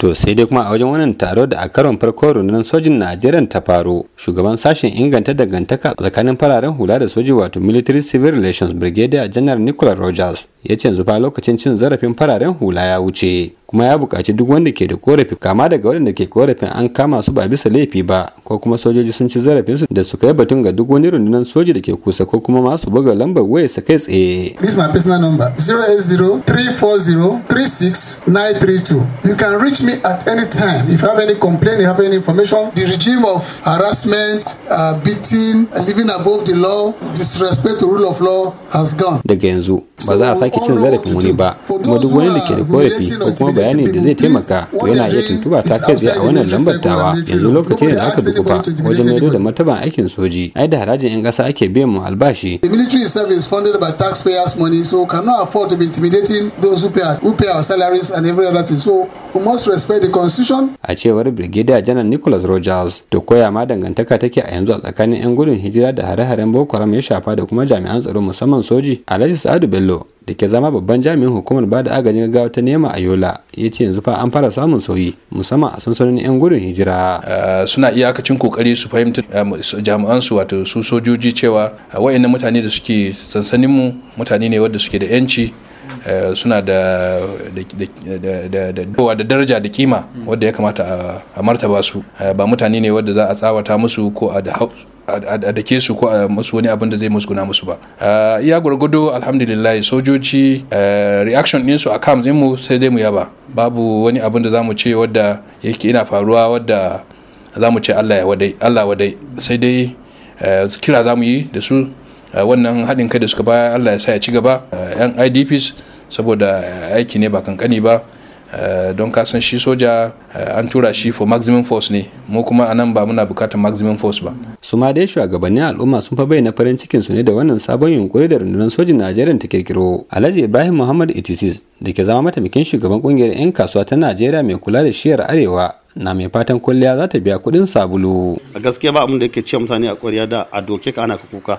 To sai dai kuma a wajen wannan taro da a karon farko rundunar sojin Najeriya ta faro, shugaban sashen inganta dangantaka tsakanin fararen hula da soji wato Military Civil Relations Brigadier Janar, Nicholas Rogers ya ce yanzu fa lokacin cin zarafin fararen hula ya wuce kuma ya buƙaci duk wanda ke da korafi kama daga wanda ke korafin an kama su ba bisa laifi ba ko kuma sojoji sun ci zarafin su da su kai batun ga duk wani rundunar soji da ke kusa ko kuma masu buga lambar waya su kai tsaye. This is my personal number 08034036932 You can reach me at any time if you have any complaint, you have any information. The regime of harassment, uh, beating, living above the law, disrespect to rule of law has gone. Daga yanzu ba za a sake sake cin zarafin wani ba kuma duk wani da ke da korafi ko kuma bayani da zai taimaka to yana iya tuntuba ta kai zai a wannan lambar tawa yanzu lokacin ne da aka dukufa wajen maido da mataban aikin soji ai da harajin yan ƙasa ake biyan mu albashi. The military service funded by taxpayers money so cannot afford to be intimidating those who pay, who pay our salaries and every other thing so who must respect the constitution. A cewar Brigadier Janar Nicholas Rogers, to koya ma dangantaka take a yanzu a tsakanin 'yan gudun hijira da hare-haren Boko Haram ya shafa da kuma jami'an tsaro musamman soji Alhaji Sa'adu Bello da ke zama babban jami'in hukumar bada agajin gaggawa ta nema a yola ya ce yanzu fa an fara samun sauyi musamman a sansanonin 'yan gudun hijira eh, suna iyakacin kokari su fahimta eh, jami'an su wato su sojoji cewa eh, wa'annan mutane da suke sansaninmu mutane ne wadda suke da 'yanci Eh, suna da da daraja da kima wadda ya kamata a martaba su eh, ba mutane ne wadda za a tsawata musu ko a a dake su ko a musu wani abin da zai musguna musu ba eh, ya gwargwado alhamdulillah sojoji reaction ɗinsu a kam mu sai dai mu yaba babu wani abin da za mu ce wadda yake ina faruwa wadda za mu ce allah wadai sai dai kira za mu yi da su wannan haɗin kai da suka baya allah ya sa ya ci gaba yan idps saboda aiki ne ba kankani ba don kasan shi soja an tura shi for maximum force ne mu kuma a nan ba muna bukatar maximum force ba su ma dai shugabannin al'umma sun fa bayyana farin cikin su ne da wannan sabon yunkuri da rundunar sojin najeriya ta kirkiro alhaji ibrahim muhammad itisis da ke zama mataimakin shugaban kungiyar 'yan kasuwa ta najeriya mai kula da shiyar arewa na mai fatan kwalliya za ta biya kuɗin sabulu a gaskiya ba abin da yake ce mutane a kwarya da a doke ka ana ka kuka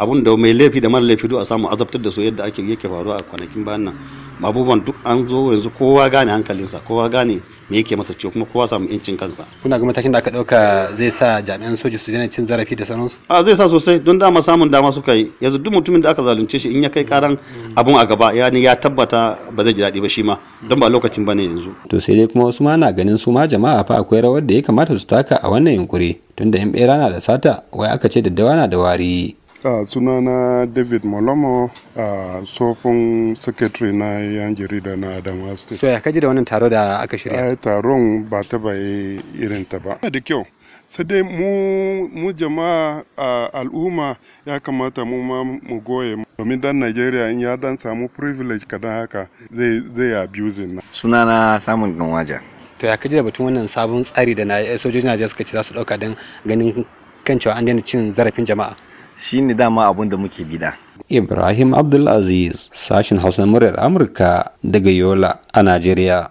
abun da mai laifi da mara laifi a samu azabtar da su yadda ake yake faruwa a kwanakin bayan nan abubuwan duk an zo yanzu kowa gane hankalinsa kowa gane me yake masa ciwo kuma kowa samu incin kansa kuna ga matakin da aka dauka zai sa jami'an soji su daina cin zarafi da sauransu a zai sa sosai don dama samun dama suka yi yanzu duk mutumin da aka zalunce shi in ya kai karan abun a gaba yani ya tabbata ba zai ji daɗi ba shi ma don ba lokacin bane yanzu to sai dai kuma wasu ma na ganin su ma jama'a fa akwai rawar da ya kamata su taka a wannan yunkuri tunda in bera na da sata wai aka ce daddawa na da wari a ah, sunana david molomo a ah, tsofin secretary na yan jarida na adamawa state to ya kaji da wannan taro da aka shirya taron ba ta bai irin ta ba da kyau sai dai mu jama'a ah, al'umma ya kamata mu ma mu goye domin dan nigeria in ya dan samu privilege kadan haka zai zai abusing na sunana samun dan waja to ya kaji da batun wannan sabon tsari da na eh, sojojin Najeriya suka ce za su dauka don ganin kan cewa an daina cin zarafin jama'a ne dama abun da muke bida ibrahim abdulaziz sashin hausa muryar amurka daga yola a najeriya